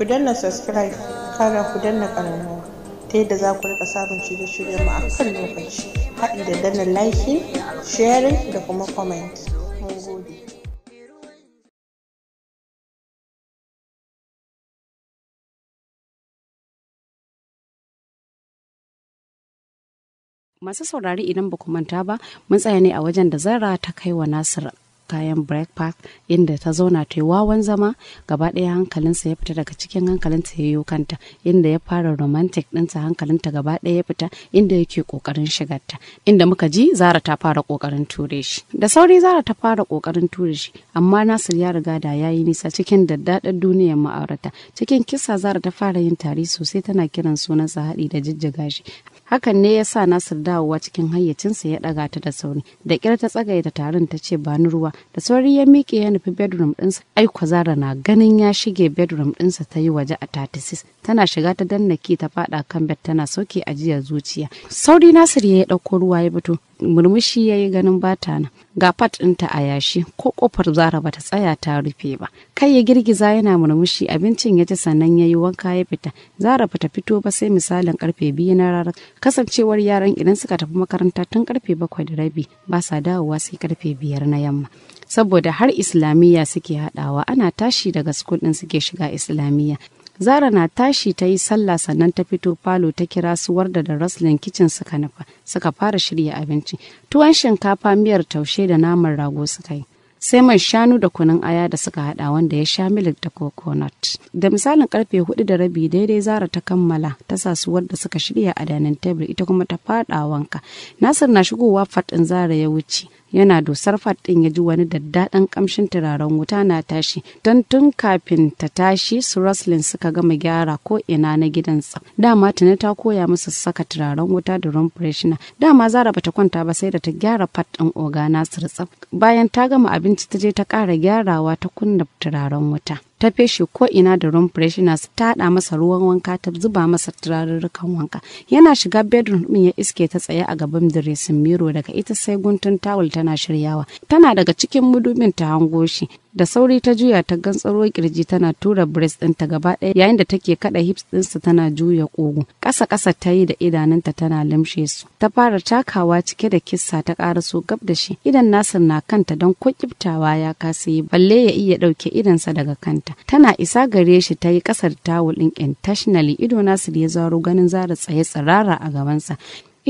ku danna subscribe kara ku danna ƙararrawa ta yadda za ku rika samun shirye shiryen mu a kan lokaci haɗi da danna like sharing da kuma comment masu saurari idan ba ku manta ba mun tsaya ne a wajen da zara ta kai wa nasir kayan breakfast inda ta zauna ta yi wawan zama gaba ɗaya hankalinsa ya fita daga cikin hankalinta ya yi kanta inda ya fara romantic ɗinta hankalinta gaba ɗaya ya fita inda yake ƙoƙarin ta inda muka ji zara ta fara ƙoƙarin ture shi da sauri zara ta fara ƙoƙarin ture shi amma nasir ya riga da ya yi nisa cikin daddaɗar duniyar ma'aurata cikin kisa zara ta fara yin tari sosai tana kiran sunansa haɗi da jijjiga shi hakan ne ya sa nasir dawowa cikin hayyacinsa ya ɗaga ta da sauri da ƙyar ta tsagaya ta taron ta ce ba ruwa da sauri ya miƙe ya nufi bedroom ɗinsa ai zara na ganin ya shige bedroom ɗinsa ta yi waje a 36 tana shiga ta danna ki ta faɗa kan bed tana sauke ajiyar zuciya sauri nasir ya ɗauko ruwa ya fito murmushi ya yi ganin bata nan ga fat ɗinta a yashi ko kofar zara ba ta tsaya ta rufe ba kai ya girgiza yana murmushi abincin ya ci sannan ya yi wanka ya fita zara ba ta fito ba sai misalin karfe biyu na rana kasancewar yaran idan suka tafi makaranta tun karfe bakwai da rabi ba sa dawowa sai karfe biyar na yamma saboda har islamiyya suke haɗawa ana tashi daga sukul ɗin suke shiga islamiyya Zara na tashi ta yi sallah sannan ta fito falo ta kira su warda da raslin kicin suka nufa suka fara shirya abinci. Tuwon shinkafa miyar taushe da naman rago suka yi. Sai man shanu da kunun aya da suka hada wanda ya sha milik da coconut. Da misalin karfe hudu da rabi daidai Zara ta kammala ta sa su warda suka shirya a danin tebur ita kuma ta fada wanka. Nasir na shigowa fat ɗin Zara ya wuce. yana dusar fat ɗin ya ji wani daddaɗan ƙamshin turaren wuta na tashi don tun kafin ta tashi su roslin suka gama gyara ko ina na gidansa dama tuni ta koya musu saka turaren wuta da rum freshener dama zara bata kwanta ba sai da ta gyara fat ɗin oga nasir bayan ta gama abinci ta je ta ƙara gyarawa ta kunna turaren wuta ta feshe ko ina da room fresheners ta haɗa masa ruwan wanka ta zuba masa turarurrukan wanka yana shiga bedroom din ya iske ta tsaye a gaban dressing mirror daga ita sai guntun tawul tana shiryawa tana daga cikin mudubin ta hango shi da sauri ta juya ta gan tsaro kirji tana tura breast ɗinta gaba ɗaya yayin da take kada hips ɗinsa tana juya ƙugu ƙasa ƙasa ta yi da idanunta tana limshe su ta fara takawa cike da kissa ta ƙaraso gab da shi idan nasir na kanta don kwakiftawa ya kasa yi balle ya iya ɗauke idansa daga kanta tana isa gare shi ta yi ƙasar tawul ɗin intentionally ido nasir ya zaro ganin zara tsaye tsirara a gabansa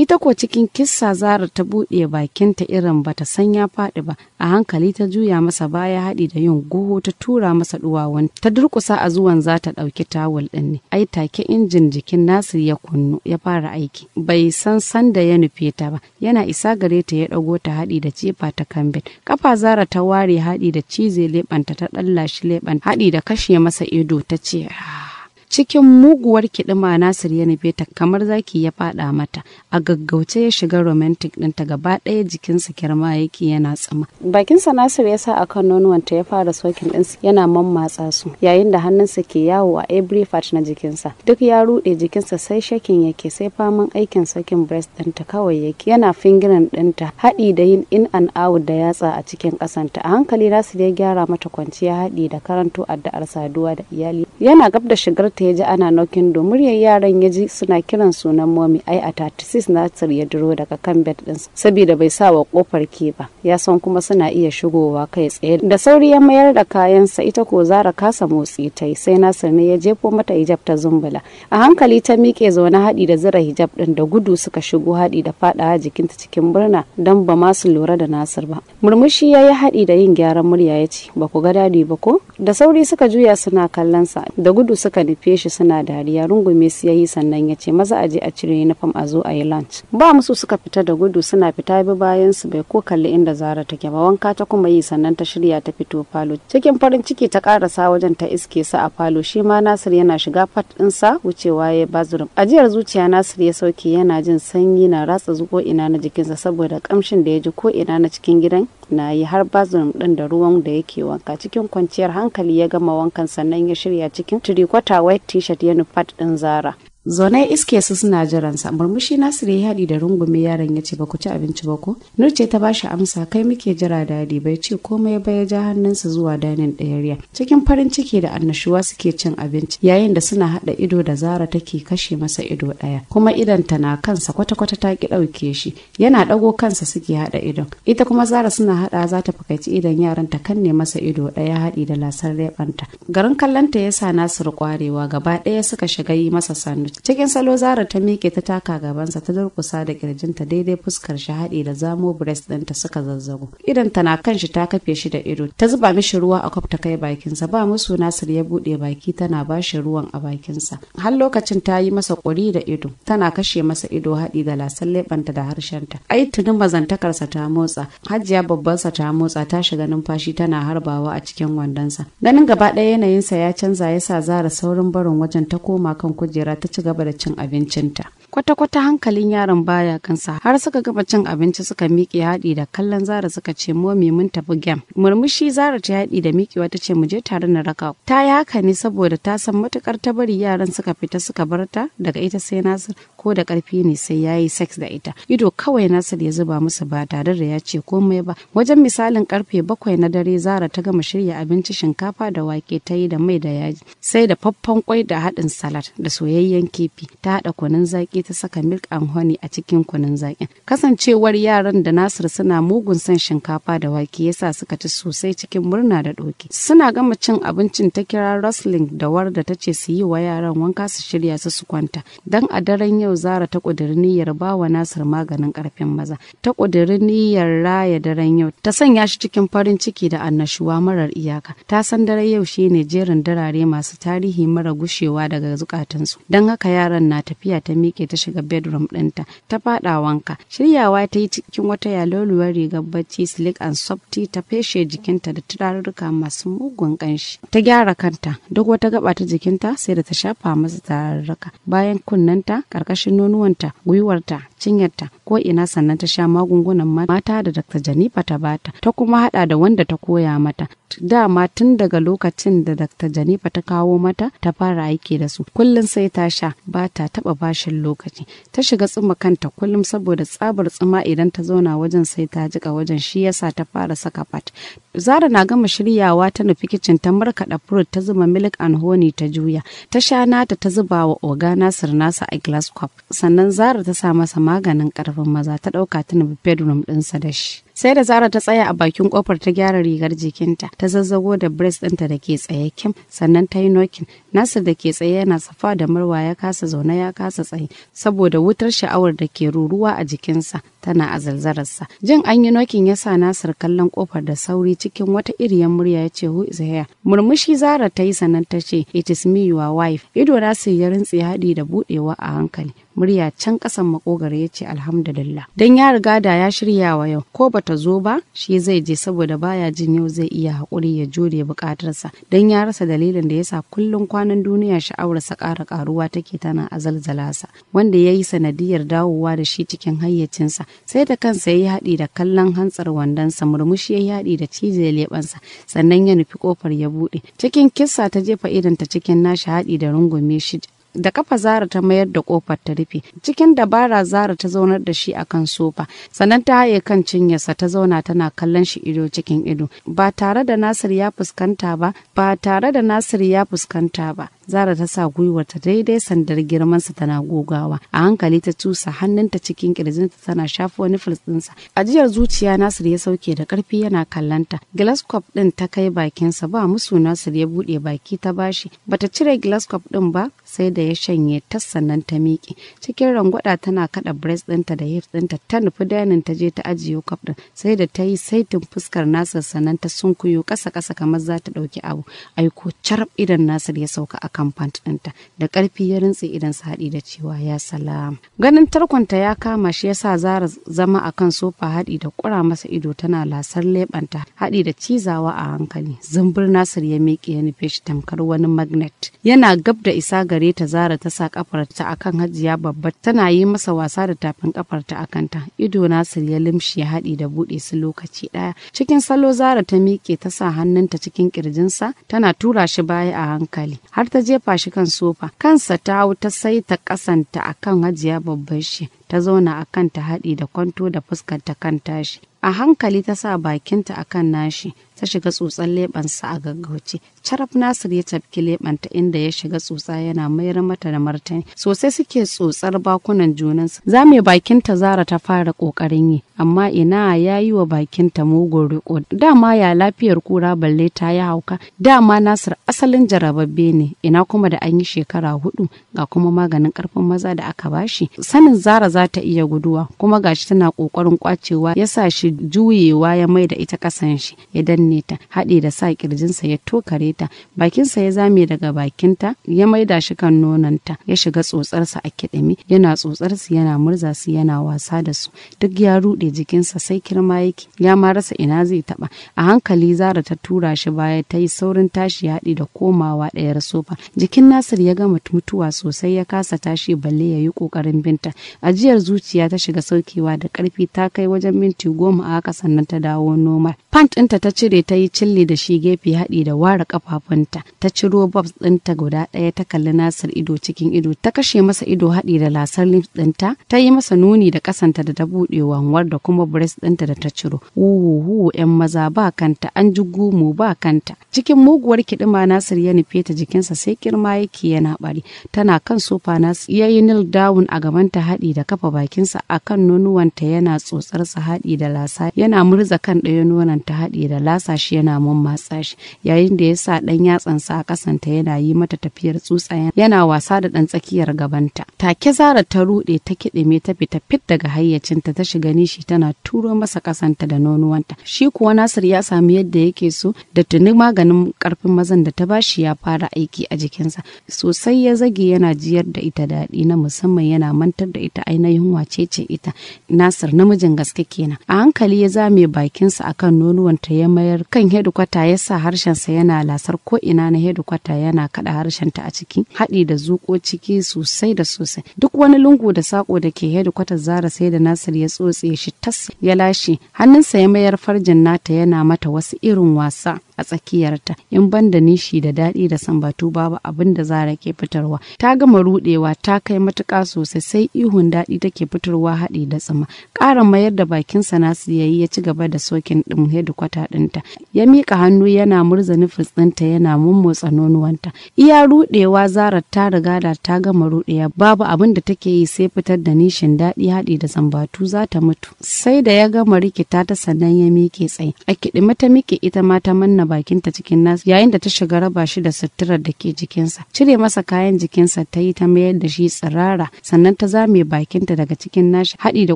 ita ko cikin kissa zara ta buɗe bakinta irin bata san ya faɗi ba a hankali ta juya masa baya haɗi da yin goho ta tura masa ɗuwawan ta durƙusa a zuwan za ta ɗauki tawul ɗin ne ai take injin jikin nasir ya kunnu ya fara aiki bai san sanda ya nufe ta ba yana isa gare ta ya ɗago ta haɗi da jefa ta kambin kafa zara ta ware haɗi da cize leɓanta ta ɗallashi leɓanta haɗi da kashe masa ido ta ce ah. cikin muguwar kiɗima nasir ya nufe ta kamar zaki ya faɗa mata a gaggauce ya shiga romantic ɗinta gaba ɗaya jikinsa kirma yake yana tsama bakinsa nasir ya sa akan nonuwanta ya fara sokin ɗin yana mammatsa su yayin da hannunsa ke yawo a every part na jikinsa duk ya ruɗe jikinsa sai shakin yake sai faman aikin sokin breast ɗinta kawai yake yana fingiran ɗinta haɗi da yin in and out da yatsa a cikin ƙasanta a hankali nasir ya gyara mata kwanciya haɗi da karanto addu'ar saduwa da iyali yana gab da shigar ta ya ji ana nokin do muryar yaran ya ji suna kiran sunan momi ai a 36 nasir ya duro daga kan bed din. saboda bai sa wa kofar ke ba ya san kuma suna iya shigowa kai tsaye da sauri ya mayar da kayansa ita ko zara kasa motsi ta yi sai nasir ne ya jefo mata hijab ta zumbula a hankali ta miƙe zaune haɗi da zira hijab ɗin da gudu suka shigo haɗi da faɗawa jikinta cikin murna don ba ma su lura da nasir ba murmushi ya yi haɗi da yin gyaran murya ya ce ba ku ga dadi ba ko da sauri suka juya suna kallonsa da gudu suka nufi dube shi suna dariya rungume su yayi sannan ya ce maza a je a cire uniform a zo a yi lunch ba musu suka fita da gudu suna fita bi bayan su bai ko kalli inda zara take ba wanka ta kuma yi sannan ta shirya ta fito falo cikin farin ciki ta karasa wajen ta iske sa a falo shi ma nasir yana shiga fat sa wucewa ya bazurum ajiyar zuciya nasir ya sauke yana jin sanyi na ratsa zuko ina na jikinsa saboda kamshin da ya ji ko ina na cikin gidan na yi har bathroom din da ruwan da yake wanka cikin kwanciyar hankali ya gama wankan sannan ya shirya cikin turikwata white t-shirt ya nufa din zara Zonai iske su suna jiransa murmushi Nasiru ya haɗi da rungume yaron ya ce ba ku ci abinci ba ko? Nurce ta bashi amsa kai muke jira dadi bai ce komai ba ya ja hannunsa zuwa danin ɗayarya. Cikin farin ciki da annashuwa suke cin abinci yayin da suna haɗa ido da Zara take kashe masa ido ɗaya kuma idan ta na kansa kwata-kwata ta ki ɗauke shi yana ɗago kansa suke haɗa idon. Ita kuma Zara suna haɗa za ta fakaici idan yaran ta kanne masa ido ɗaya haɗi da lasar reɓanta. Garin kallonta ya sa Nasiru kwarewa gaba ɗaya suka shiga yi masa sannu cikin salo zara ta miƙe ta taka gabansa ta durkusa da kirjinta daidai fuskar shi haɗi da zamo breast ɗinta suka zazzago idan ta na kan shi ta kafe shi da ido ta zuba mishi ruwa a kwafta kai bakinsa ba musu nasir ya buɗe baki tana ba shi ruwan a bakinsa har lokacin ta yi masa ƙuri da ido tana kashe masa ido haɗi da lasan leɓanta da harshenta ai tunin mazantakarsa ta motsa hajiya babbansa ta motsa ta shiga numfashi tana harbawa a cikin wandonsa ganin gaba ɗaya yanayinsa ya canza ya sa zara saurin barin wajen ta koma kan kujera ta ci gaba da cin abincinta kwata-kwata hankalin yaron baya kansa har suka gama cin abinci suka miƙe haɗi da kallon zara suka ce mu me mun tafi gem murmushi zara ta haɗi da miƙewa ta ce mu je tare na raka ta yi haka ne saboda ta san matukar ta bari yaran suka fita suka bar ta daga ita sai nasir ko da ƙarfi ne sai ya yi sex da ita ido kawai nasir ya zuba musu ba tare da ya ce komai ba wajen misalin karfe bakwai na dare zara ta gama shirya abinci shinkafa da wake ta yi da mai da yaji sai da faffan kwai da haɗin salad da soyayyen kifi ta haɗa kunun zaƙi ta saka milk and honey a cikin kunun zaƙin. Kasancewar yaran da Nasir suna mugun san shinkafa da wake yasa suka ci sosai cikin murna da doki, Suna gama cin abincin ta kira Rosling da Warda ta ce su yi wa yaran wanka su shirya su su kwanta. Dan a daren yau Zara ta ƙudiri niyyar ba wa Nasir maganin ƙarfin maza. Ta ƙudiri niyyar raya daren yau ta sanya shi cikin farin ciki da annashuwa marar iyaka. Ta san dare yau shine jerin darare masu tarihi mara gushewa daga zukatansu. Don haka yaran na tafiya ta miƙe ta shiga bedroom ɗinta ta faɗa wanka shiryawa ta yi cikin wata yaloluwar rigar bacci slick and softy ta feshe jikinta da turaruka masu mugun ƙanshi ta gyara kanta duk wata gaba ta jikinta sai da ta shafa masa turaruka bayan kunnanta karkashin nonuwanta gwiwarta cinyarta ko ina sannan ta sha magungunan mata da dr janifa ta bata ta kuma haɗa da wanda ta koya mata dama tun daga lokacin da Dr. Janifa ta kawo mata ta fara aiki da su kullum sai ta sha ba ta taba bashin lokaci ta shiga tsuma kanta kullum saboda tsabar tsuma idan ta zauna wajen sai ta jika wajen shi yasa ta fara saka fat Zara na gama shiryawa ta nufi kicin ta markaɗa furut ta zuba milk and honey ta juya ta sha nata ta zuba wa oga Nasir nasa a glass cup sannan Zara ta sa masa maganin ƙarfin maza ta ɗauka ta nufi bedroom ɗinsa da shi. sai da zara ta tsaya a bakin kofar ta gyara rigar jikinta ta zazzago da breast ɗinta da ke tsaye kim sannan ta yi nokin nasir da ke tsaye yana safa da marwa ya kasa zaune ya kasa tsaye saboda wutar sha'awar da ke ruruwa a jikinsa tana a zalzararsa jin an yi nokin ya sa nasir kallon kofar da sauri cikin wata iriyar murya ya ce who is here murmushi zara ta yi sannan ta ce it is me your wife ido nasir ya rintse haɗi da buɗewa a hankali murya can ƙasan makogaro ya ce alhamdulillah don ya riga da ya shirya wa yau ko bata zo ba shi zai je saboda baya jin yau zai iya haƙuri ya jure buƙatarsa don ya rasa dalilin da yasa kullum kwanan duniya sha'awarsa ƙara ƙaruwa take tana a zalzalasa wanda ya yi sanadiyar dawowa da shi cikin hayyacinsa sai da kansa ya yi haɗi da kallon hantsar wandonsa murmushi ya yi haɗi da cije leɓensa sannan ya nufi ƙofar ya buɗe cikin kissa ta jefa idanta cikin nashi haɗi da rungume shi da kafa zara ta mayar da kofar ta rufe cikin dabara zara ta zaunar da shi a kan sofa sannan ta haye kan cinyarsa ta zauna tana kallon shi ido cikin ido ba tare da nasir ya fuskanta ba ba tare da nasir ya fuskanta ba Zara ta sa gwiwarta daidai sandar girmansa tana gogawa. A hankali ta tusa hannunta cikin kirjinta tana shafa wani ɗinsa. Ajiyar zuciya Nasir ya sauke da karfi yana kallanta. glasscop ɗin ta kai bakinsa ba musu Nasir ya buɗe baki ta bashi. Bata cire glasscop ɗin ba sai da ya shanye tas sannan ta miƙe. Cikin rangwada tana kaɗa breast ɗinta da hips ɗinta ta nufi dainin ta je ta ajiye kwaf ɗin sai da ta yi saitin fuskar Nasir sannan ta sunkuyo ƙasa kasa kamar za ta ɗauki abu. Aiko carb idan Nasir ya sauka akan kamfant ɗinta da ƙarfi ya rintse idan haɗi da cewa ya salama. Ganin tarkonta ya kama shi ya sa Zara zama a kan sofa haɗi da ƙura masa ido tana lasar leɓanta haɗi da cizawa a hankali. Zumbur Nasir ya miƙe ya nufe shi tamkar wani magnet. Yana gab da isa gare ta Zara ta sa ƙafarta akan hajiya babba tana yi masa wasa da tafin ƙafarta a kanta. Ido Nasir ya limshi ya haɗi da buɗe su lokaci ɗaya. Cikin salo Zara ta miƙe ta sa hannunta cikin ƙirjinsa tana tura shi baya a hankali har ta ta jefa shi kan sofa kansa ta hau ta sai ta kasanta kan hajiya babban shi ta zauna a kan ta haɗi da kwanto da fuskar ta kan tashi a hankali ta sa bakinta a kan nashi ta shiga tsotsar leɓensa a gaggauce carab nasir ya tafki leɓenta inda ya shiga tsotsa yana mayar mata da martani sosai suke tsotsar bakunan junansa junansu bakin ta zara ta fara ƙoƙarin yi amma ina ya yi wa bakinta mugun riko dama ya lafiyar kura balle ta yi hauka dama nasir asalin jarababbe ne ina kuma da an yi shekara hudu ga kuma maganin karfin maza da aka bashi sanin zara za ta iya guduwa kuma gashi tana ƙoƙarin kwacewa ya sa shi juyewa ya mai da ita kasan shi idan danne ta haɗe da sa ƙirjinsa ya tokare ta bakinsa ya zame daga bakinta ya maida shi kan nononta ya shiga tsotsarsa a kiɗimi. yana tsotsarsu yana murza su yana wasa da su duk ya ruɗe jikinsa sai kirma yake ya ma rasa ina zai taɓa a hankali zara ta tura shi baya ta yi saurin tashi ya haɗe da komawa ɗayar sofa jikin nasir ya gama mutuwa sosai ya kasa tashi balle ya yi ƙoƙarin binta ajiyar zuciya ta shiga saukewa da ƙarfi ta kai wajen minti goma a haka sannan ta dawo nomar pant ɗinta ta cire kawai ta yi cilli da shi gefe haɗi da ware kafafunta ta ciro bobs ɗinta guda ɗaya ta kalli nasir ido cikin ido ta kashe masa ido haɗi da lasar lips ɗinta ta yi masa nuni da ƙasanta da ta buɗe wanwar da kuma breast ɗinta da ta ciro wuhu yan maza ba kanta an ji gumu ba kanta cikin muguwar kiɗima nasir ya nufe ta jikinsa sai kirma yake yana bari tana kan sofa nasir ya yi nil down a gabanta haɗi da kafa bakinsa a kan nonuwanta yana tsotsarsa haɗi da lasa yana murza kan ɗaya nonanta haɗi da lasa sa shi yana mummatsa shi yayin da ya sa ɗan yatsansa a kasanta yana yi mata tafiyar tsutsa yana wasa da ɗan tsakiyar gabanta take zara ta ruɗe ta kiɗime ta fita fit daga hayyacinta ta shiga nishi tana turo masa kasanta da nonuwanta shi kuwa Nasir ya sami yadda yake so da tuni maganin ƙarfin mazan da ta bashi ya fara aiki a jikinsa sosai ya zage yana jiyar da ita daɗi na musamman yana mantar da ita ainihin wace ce ita Nasir namijin gaske kenan a hankali ya zame bakinsa akan nonuwanta ya mayar tambayar kan hedikwata ya sa harshensa yana lasar ko'ina na hedikwata yana kaɗa harshenta a ciki haɗi da zuƙo ciki sosai da sosai duk wani lungu da saƙo da ke hedikwatar zara sai da nasir ya tsotse shi tas ya lashe hannunsa ya mayar farjin nata yana mata wasu irin wasa a tsakiyarta in ban da nishi da daɗi da sambatu babu abin da zara ke fitarwa ta gama ruɗewa ta kai matuƙa sosai sai ihun daɗi take fitarwa haɗi da tsima ƙara mayar da bakin sa nasu yayi ya ci gaba da sokin ɗin kwata ɗinta ya mika hannu yana murza nufis ɗinta yana mummotsa nonuwanta iya ruɗewa, zara ta riga da ta gama rudewa babu abin da take yi sai fitar da nishin daɗi haɗi da zambatu za ta mutu sai da ya gama rikita ta sannan ya miƙe tsaye a kiɗi mata miƙe ita ma ta manna bakinta cikin nasa yayin da ta shiga raba shi da suturar da ke jikinsa cire masa kayan jikinsa ta yi ta mayar da shi tsirara sannan ta zame bakinta daga cikin nashi haɗi da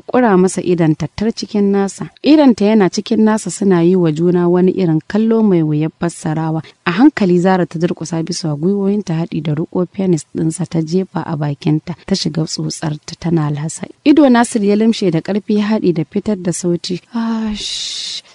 ƙura masa idan tattar cikin nasa idanta yana cikin nasa suna yi wa juna wani irin kallo mai wuyar fassarawa a hankali zara ta durƙusa bisa ta haɗi da riƙo penis ɗinsa ta jefa a bakinta ta shiga tsotsar ta tana lasa ido nasir ya limshe da ƙarfi haɗi da fitar da sauti ah,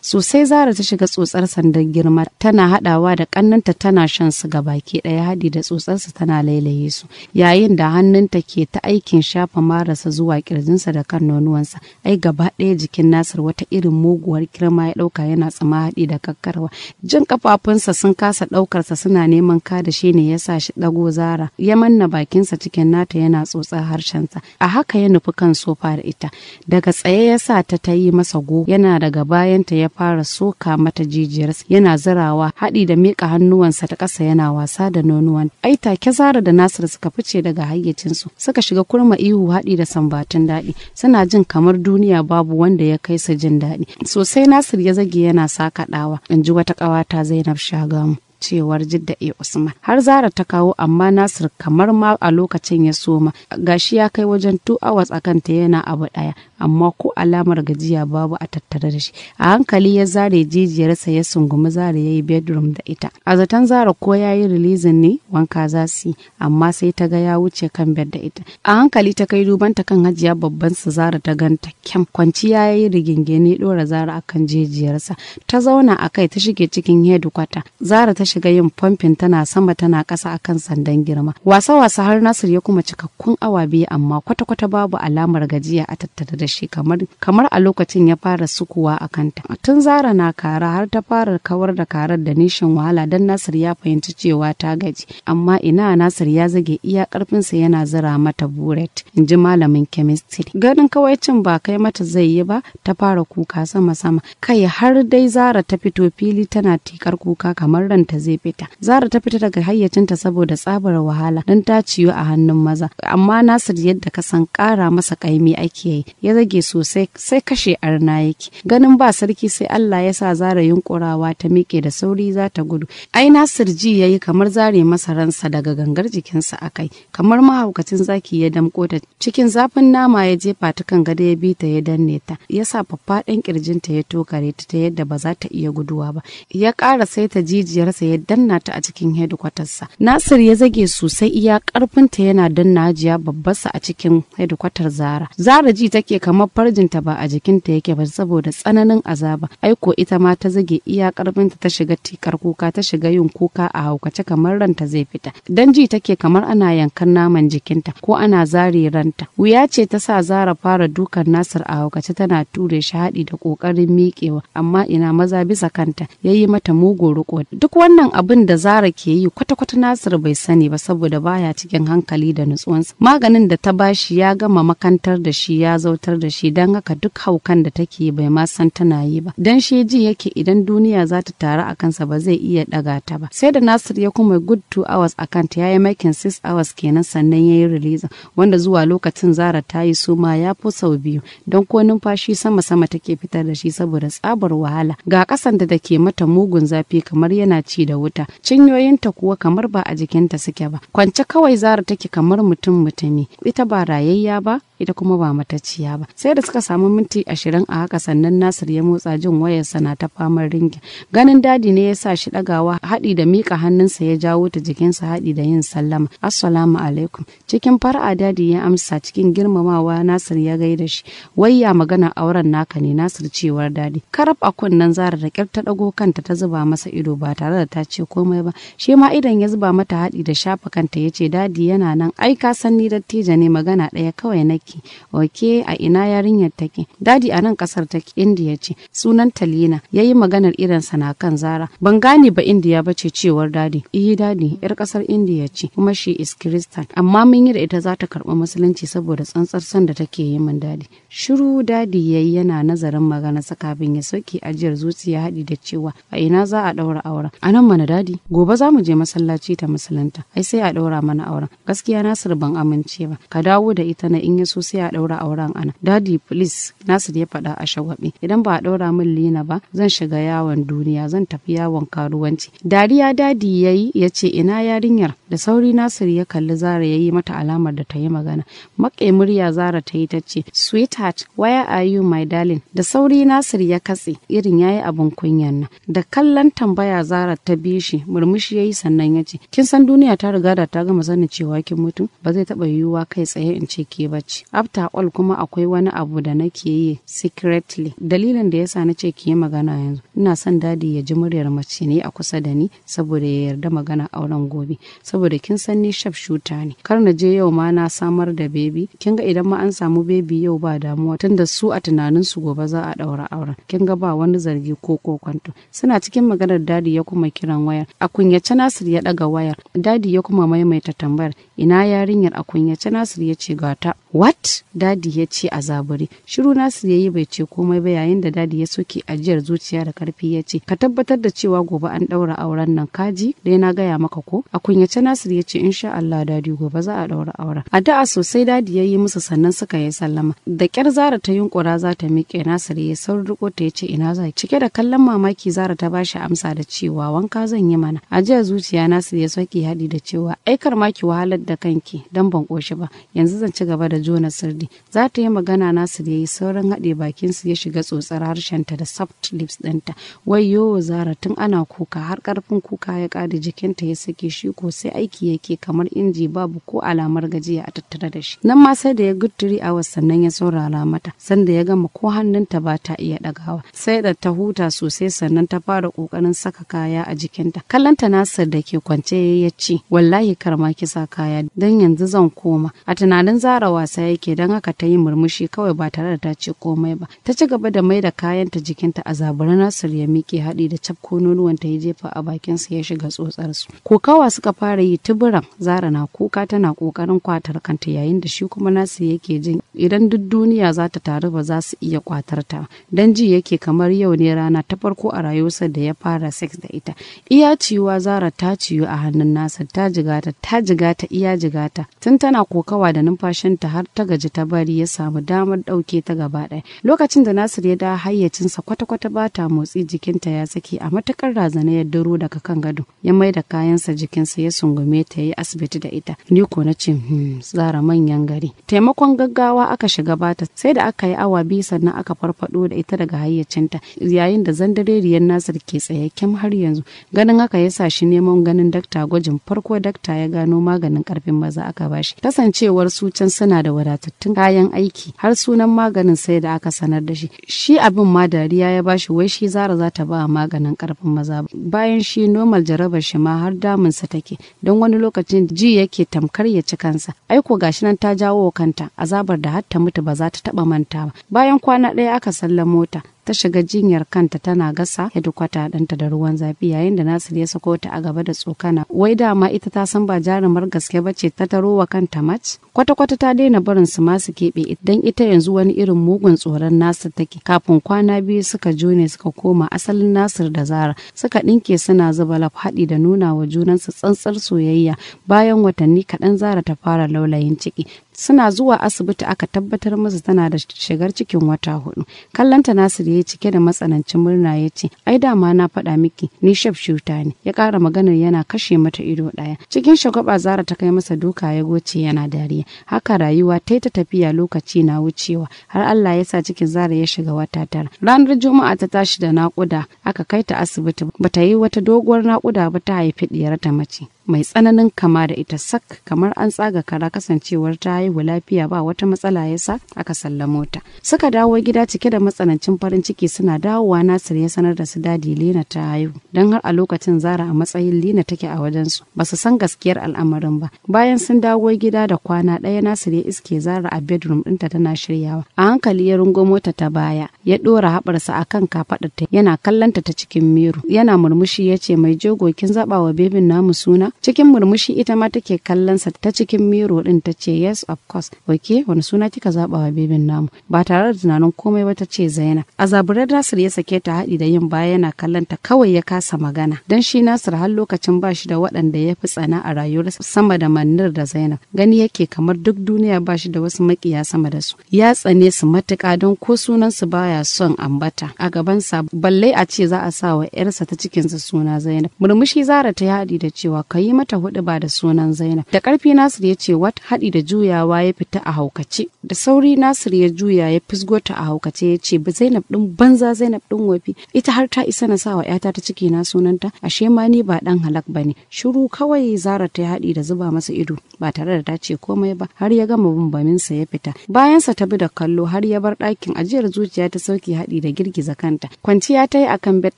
sosai zara ta shiga tsotsar sandar girma tana hadawa da kannanta tana shan su ga baki daya hadi da tsotsarsa tana lailaye su yayin da hannunta ke ta aikin shafa marasa zuwa kirjinsa da kan nonuwansa ai gaba daya jikin nasir wata irin muguwar kirma ya dauka yana tsama hadi da kakkarwa jin kafafunsa sun kasa ɗaukarsa, suna neman ka da shi ne yasa shi dago zara ya manna bakinsa cikin nata yana tsotsar sa. a haka ya nufi kan sofa da ita daga tsaye yasa ta ta yi masa go yana daga bayanta ya fara soka mata jijiyar yana zarawa. haɗi da miƙa hannuwansa ta ƙasa yana wasa da nonuwan ai take zara da nasir suka fice daga hayyacinsu suka shiga kurma ihu haɗi da sambatun daɗi suna jin kamar duniya babu wanda ya kai su jin daɗi sosai nasir ya zage yana sakaɗawa in ji wata ƙawata zainab shagamu cewar jidda e usman har zara ta kawo amma nasir kamar ma a lokacin ya soma gashi ya kai wajen two hours akan ta yana abu ɗaya. amma ko alamar gajiya babu a tattare da shi a hankali ya zare jijiyarsa ya sungumi zare ya yi bedroom da ita a zaton zara ko ya yi rilizin ne wanka za su yi amma sai ta ga ya wuce kan bed da ita a hankali ta kai duban ta kan hajiya babban su zara ta ganta kyam kwanciya ya yi rigingine dora zara akan jijiyarsa ta zauna a kai ta shige cikin hedikwata zara ta shiga yin famfin tana sama tana ƙasa akan sandan girma wasa wasa har nasir ya kuma cikakkun awa biyu amma kwata-kwata babu alamar gajiya a tattare da shi kamar a lokacin ya fara sukuwa a kanta tun zara na kara har ta fara kawar da karar da nishin wahala don nasir ya fahimci cewa ta gaji amma ina nasir ya zage iya karfinsa yana zira mata buret in ji malamin chemistry ganin kawai cin ba kai mata zai yi ba ta fara kuka sama sama kai har dai zara ta fito fili tana tikar kuka kamar ranta zai fita zara ta fita daga hayyacinta saboda tsabar wahala don ta ciyo a hannun maza amma nasir yadda ka san kara masa kaimi ake yi ya zage sosai sai kashe arna yake ganin ba sarki sai Allah ya sa zara yunkurawa ta miƙe da sauri za ta gudu ai Nasir ji yayi kamar zare masa ransa daga gangar jikinsa akai kamar mahaukacin zaki ya damƙo ta cikin zafin nama ya jefa ta kan gado ya bi ta ya danne ta ya sa faffaɗan kirjinta ya tokare ta ta yadda ba za ta iya guduwa ba ya ƙara sai ta jijiyarsa ya danna ta a cikin hedikwatarsa Nasir ya zage sosai iya ƙarfinta yana danna hajiya babbarsa a cikin hedikwatar Zara Zara ji take kamar kamar farjinta ba a jikinta yake ba saboda tsananin azaba aiko ita ma ta zage iya karfinta ta shiga tikar kuka ta shiga yin kuka a haukace kamar ranta zai fita dan ji take kamar ana yankan naman jikinta ko ana zare ranta wuya ce ta sa zara fara dukan nasir a haukace tana ture shi haɗi da ƙoƙarin miƙewa amma ina maza bisa kanta ya yi mata mugu riko duk wannan abin da zara ke yi kwata-kwata nasir bai sani ba saboda baya cikin hankali da nutsuwansa maganin da ta bashi ya gama makantar da shi ya zautar shagaltar da shi don haka duk haukan da take bai ma san tana yi ba Don shi ji yake idan duniya za ta taru a kansa ba zai iya daga ta ba sai da Nasir ya kuma good two hours a kanta yi makin six hours kenan sannan ya yi release wanda zuwa lokacin Zara ta yi suma ya fi sau biyu don ko numfashi sama sama take fitar da shi saboda tsabar wahala ga kasan da take mata mugun zafi kamar yana ci da wuta cinyoyinta kuwa kamar ba a jikinta suke ba kwance kawai Zara take kamar mutum mutumi ita ba rayayya ba ita kuma ba matacciya ba sai da suka samu minti ashirin a haka sannan nasir ya motsa jin wayarsa na ta famar ringi ganin dadi ne ya sa shi dagawa. haɗi da miƙa hannunsa ya jawo ta jikinsa haɗi da yin sallama assalamu alaikum cikin far'a dadi ya amsa cikin girmamawa nasir ya gaida shi wayya magana auren naka ne nasir cewar dadi karab a kunnen zara da kyar ta ɗago kanta ta zuba masa ido ba tare da ta ce komai ba shi ma idan ya zuba mata haɗi da shafa kanta ya ce dadi yana nan ai ka san ni dattijo ne magana ɗaya kawai nake take oke a ina yarinyar take dadi a nan kasar take indiya ce sunan talina Ya yi maganar irin na kan zara ban gane ba indiya ba ce cewar dadi eh dadi yar kasar indiya ce kuma shi is christian amma mun yi da ita za ta karɓi musulunci saboda tsantsar son da take yi min dadi shiru dadi yayi yana nazarin magana bin ya sauke ajiyar zuciya haɗi da cewa a ina za a ɗaura auren a nan mana dadi gobe za mu je masallaci ta musulunta ai sai a ɗaura mana auren gaskiya nasir ban amince ba ka dawo da ita na in ya so sai a ɗaura auren ana dadi please nasir ya faɗa a shagwabe idan ba a ɗaura min lina ba zan shiga yawon duniya zan tafi yawon karuwanci dariya dadi ya yi ya ce ina yarinyar da sauri nasir ya kalli zara ya yi mata alamar da ta yi magana maƙe murya zara ta yi ta ce sweetheart why are you my darling da sauri nasir ya katse irin ya yi abin kunyan nan da kallon tambaya zara ta bi shi murmushi ya yi sannan ya ce kin san duniya ta riga da ta gama sanin cewa kin mutu ba zai taɓa yiwuwa kai tsaye in ce ke bacci after all kuma akwai wani abu da nake yi secretly dalilin da yasa nace ki yi magana yanzu ina son dadi ya ji muryar mace ne a kusa da ni saboda ya yarda magana auren gobe saboda kin san ni shaf shuta ne kar na je yau ma na samar da bebi kin ga idan ma an samu bebi yau ba damuwa tunda su a tunanin su gobe za a daura auren kin ga ba wani zargi ko kokonto suna cikin maganar dadi ya kuma kiran wayar a kunyace Nasir ya daga wayar dadi ya kuma maimaita tambayar ina yarinyar a kunyace Nasir ya ce gata what dadi ya ce a zaburi shiru nasir ya yi bai ce komai ba yayin da dadi ya soke ajiyar zuciya da karfi ya ce ka tabbatar da cewa gobe an daura auren nan kaji dai na gaya maka ko a kunyace nasir ya ce insha Allah dadi gobe za a daura auren A da'a sosai dadi ya yi musu sannan suka yi sallama da kyar zara ta yunkura za ta miƙe nasir ya saurin ta ya ce ina za cike da kallon mamaki zara ta bashi amsa da cewa wanka zan yi mana ajiyar zuciya nasir ya soke hadi da cewa aikar maki wahalar da kanki dan ban koshi ba yanzu zan ci gaba da jona na sirri za ta yi magana nasir ya yi sauran haɗe su ya shiga tsotsar harshenta da soft lips ɗinta yoo zara tun ana kuka har ƙarfin kuka ya ƙada jikinta ya sake shi ko sai aiki yake kamar inji babu ko alamar gajiya a tattare da shi nan ma sai da ya gutturi a sannan ya saurara mata sanda ya gama ko hannunta ba ta iya ɗagawa sai da ta huta sosai sannan ta fara ƙoƙarin saka kaya a jikinta kallanta nasir da ke kwance ya ce wallahi karma kisa kaya don yanzu zan koma a tunanin zara wasa yake don haka ta yi murmushi kawai ba tare da ta ce komai ba ta ci gaba da mai da kayanta jikinta a zabura nasir ya miƙe haɗi da cafko nonuwanta ya jefa a bakin su ya shiga tsotsar tsotsarsu kokawa suka fara yi tuburan zara na kuka tana kokarin kwatar kanta yayin da shi kuma nasir yake jin idan duk duniya za ta taru ba za su iya kwatar ta dan ji yake kamar yau ne rana ta farko a rayuwarsa da ya fara sex da ita iya ciwa zara ta ciyu a hannun nasir ta jigata ta jigata iya jigata tun tana kokawa da numfashinta har ta ta gaji ta bari ya samu damar ɗauke ta gaba ɗaya lokacin da nasir ya da hayyacinsa kwata-kwata ba ta motsi jikinta ya saki a matukar razana ya duro daga kan gado ya mai da kayansa jikinsa ya sungume ta yi asibiti da ita ni ko na ce hmm, tsara manyan gari taimakon gaggawa aka shiga bata sai da aka yi awa biyu sannan aka farfado da ita daga hayyacinta yayin da zandareriyar nasir ke tsaye har yanzu ganin haka ya sa shi neman ganin dakta gwajin farko dakta ya gano maganin karfin maza aka bashi kasancewar su can suna da wada wadatattun kayan aiki har sunan maganin sai da aka sanar da shi shi abin ma dariya ya ba shi, wai shi zara za ta ba maganin karfin maza bayan shi normal jarabar shi ma har damunsa take don wani lokacin ji yake tamkar ya ci kansa aiko gashi nan ta jawo kanta azabar da har ta mutu ba za ta taba manta ba bayan kwana ɗaya aka sallan mota ta shiga jinyar kanta tana gasa hedikwata ɗanta da ruwan zafi yayin da Nasir ya sako ta a gaba da tsokana. Wai dama ita ta san ba jarumar gaske ba ce ta taro wa kanta mac? Kwata-kwata ta daina barin su masu keɓe idan ita yanzu wani irin mugun tsoron Nasir take. Kafin kwana biyu suka jone suka koma asalin Nasir da Zara suka ɗinke suna zuba laf haɗi da nuna wa junansu tsantsar soyayya bayan watanni kaɗan Zara ta fara laulayin ciki. Suna zuwa asibiti aka tabbatar musu tana da shigar cikin wata hudu. Kallanta Nasir da ya cike da matsanancin murna ya ce ai dama na faɗa miki ni shaf shuta ne ya ƙara maganar yana kashe mata ido ɗaya cikin shagwaba zara ta kai masa duka ya goce yana dariya haka rayuwa ta ta tafiya lokaci na wucewa har Allah ya sa cikin zara ya shiga wata tara ranar juma'a ta tashi da naƙuda aka kai ta asibiti bata yi wata doguwar naƙuda ba ta haifi ɗiyar ta mace mai tsananin kama da ita sak kamar an tsaga kara kasancewar ta haihu lafiya ba wata matsala ya sa aka sallamo ta suka dawo gida cike da matsanancin farin ciki suna dawowa nasir ya sanar da su dadi Lina ta haihu don har a lokacin zara a matsayin lina take a wajensu ba su san gaskiyar al'amarin ba bayan sun dawo gida da kwana ɗaya nasir ya iske zara a bedroom ɗinta tana shiryawa a hankali ya rungo mota ta baya ya ɗora haɓarsa a kan kafaɗarta yana kallanta ta cikin miro. Yana murmushi ya ce mai jogo kin zaɓa wa bebin namu suna? Cikin murmushi ita ma take kallonsa ta cikin miro ɗin ta ce yes of course. Ok wani suna kika zaɓa wa bebin namu? Ba tare da tunanin komai ba ta ce Zainab. A zaburar Nasir ya sake ta haɗi da yin baya yana kallonta kawai ya kasa magana. Don shi Nasir har lokacin ba shi da waɗanda ya fi tsana a rayuwarsa sama da Manir da Zainab. Gani yake kamar duk duniya ba shi da wasu maƙiya sama da su. Ya tsane su matuƙa don ko sunansu baya baya son ambata a gabansa balle a ce za a sa wa 'yarsa ta cikin cikinsa suna Zainab. Murmushi Zara ta haɗi da cewa ka yi mata hudu ba da sunan Zainab. Da karfi Nasir ya ce wat haɗi da juyawa ya fita a haukace. Da sauri Nasir ya juya ya fisgo ta a haukace ya ce ba Zainab ɗin banza Zainab ɗin wafi ita har ta isa na sa wa 'yata ta ciki na sunanta ashe ma ni ba dan halak ba ne. Shiru kawai Zara ta haɗi da zuba masa ido ba tare da ta ce komai ba har ya gama bumbaminsa ya fita. Bayansa ta bi da kallo har ya bar ɗakin ajiyar zuciya ta sauki haɗi da girgiza kanta. Kwanciya ta yi a kan bet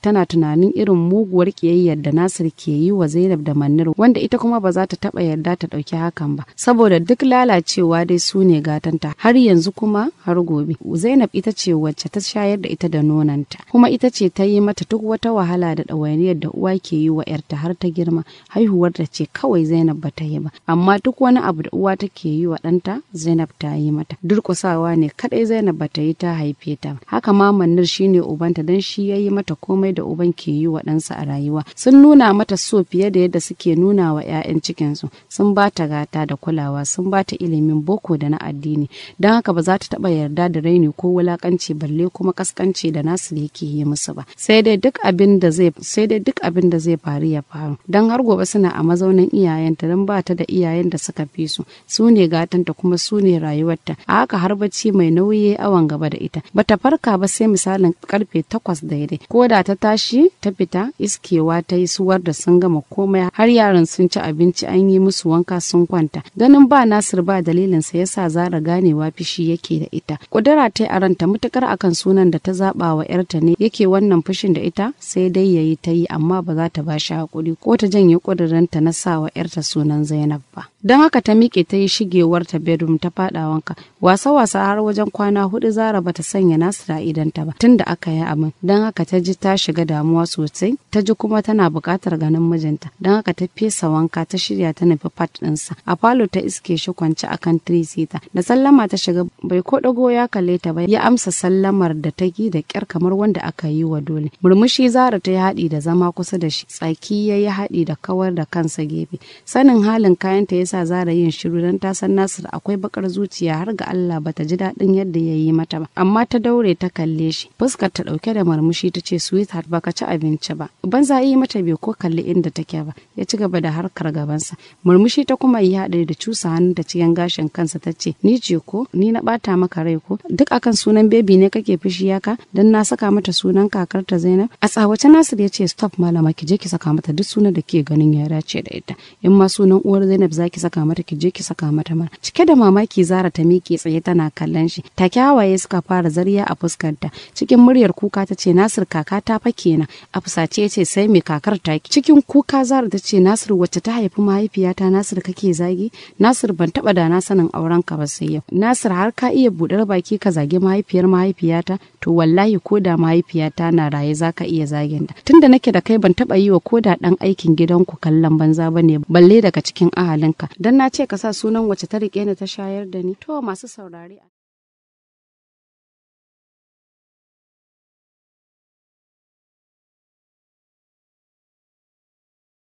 tana tunanin irin muguwar ƙiyayyar da Nasir ke yi wa Zainab da Manir wanda ita kuma ba za ta taɓa yarda ta ɗauki hakan ba. Saboda duk lalacewa dai su ne gatanta har yanzu kuma har gobe. Zainab ita ce wacce ta shayar da ita da nonanta kuma ita ce ta yi mata duk wata wahala da ɗawainiyar da uwa ke yi wa 'yarta har ta girma haihuwar da ce kawai Zainab ba ta yi ba amma duk wani abu da uwa take yi wa ɗanta Zainab ta yi mata durƙusawa ne kaɗai Zainab ba ta yi ta haife ta haka ma manir shine ubanta dan shi ya yi mata komai da uban ke yi wa ɗansa a rayuwa sun nuna mata so fiye da yadda suke nuna wa 'ya'yan cikinsu sun ba ta gata da kulawa sun ba ta ilimin boko da na addini don haka ba za ta taɓa yarda da raini ko wulakanci balle kuma kaskanci da nasu yake yi musu ba sai dai duk abin da zai dai duk abin da zai faru ya faru dan har gobe suna a mazaunin iyayenta dan ba ta da iyayen da suka fi su su ne gatanta kuma su ne rayuwarta a haka har bacci mai nauyi awan gaba da ita bata farka farka ba sai misalin karfe takwas daidai ko da ta tashi ta fita iskewa ta yi suwar da sun gama komai har yaran sun ci abinci an yi musu wanka sun kwanta ganin ba nasir ba dalilin sa yasa zara ganewa fishi yake da ita kudura ta yi a ranta mutukar akan sunan da ta zaba wa yarta ne yake wannan fushin da ita sai dai yayi ta yi amma ba za ta ba shi hakuri ko ta janye ta na sawa yarta sunan Zainab ba don haka ta miƙe ta yi shigewar ta bedroom ta fada wanka wasa wasa har wajen kwana hudu zara bata sanya nasir ta ba tun aka yi abin don haka ta ji ta shiga damuwa sosai ta ji kuma tana buƙatar ganin mijinta don haka ta fesa wanka ta shirya ta nufi fat ɗinsa a falo ta iske shi kwance akan tirisita da sallama ta shiga bai ko ɗago ya kalle ta ba ya amsa sallamar da ta da kyar kamar wanda aka yi wa dole murmushi zara ta yi haɗi da zama kusa da shi tsaki ya yi haɗi da kawar da kansa gefe sanin halin kayanta yasa zara yin shiru don ta san nasir akwai bakar zuciya har ga allah ba ta ji daɗin yadda ya yi mata ba amma ta daure ta kalle shi fuskar ta dauke da marmushi ta ce sweetheart baka ci abinci ba banza yi mata bai ko kalli inda take ba ya ci gaba da harkar gabansa murmushi ta kuma yi haɗari da cusa hannu ta cikin gashin kansa ta ce ni ce ko ni na bata maka rai ko duk akan sunan bebi ne kake fushi yaka dan na saka mata sunan kakarta Zainab a tsawace Nasir ya ce stop malama ki je ki saka mata duk sunan da ke ganin ya dace da ita in ma sunan uwar Zainab zaki saka mata ki je ki saka mata mana cike da mamaki Zara ta miƙe tsaye tana kallon shi ta kyawaye suka fara zariya a fuskar fuskarta cikin muryar kuka ta ce nasir kaka ta fa kenan a fusace ya ce sai mai kakar ta cikin kuka zara ta ce nasir wacce ta haifi mahaifiyata nasir kake zagi nasir ban taba da na sanin auren ka ba sai yau nasir har ka iya budar baki ka zagi mahaifiyar mahaifiyata to wallahi ko da mahaifiyata na raye za ka iya zagin ta tunda nake da kai ban taba yi wa ko da dan aikin gidanku kallon banza bane balle daga cikin ahalinka dan na ce ka sa sunan wacce ta rike ni ta shayar da ni to masu saurare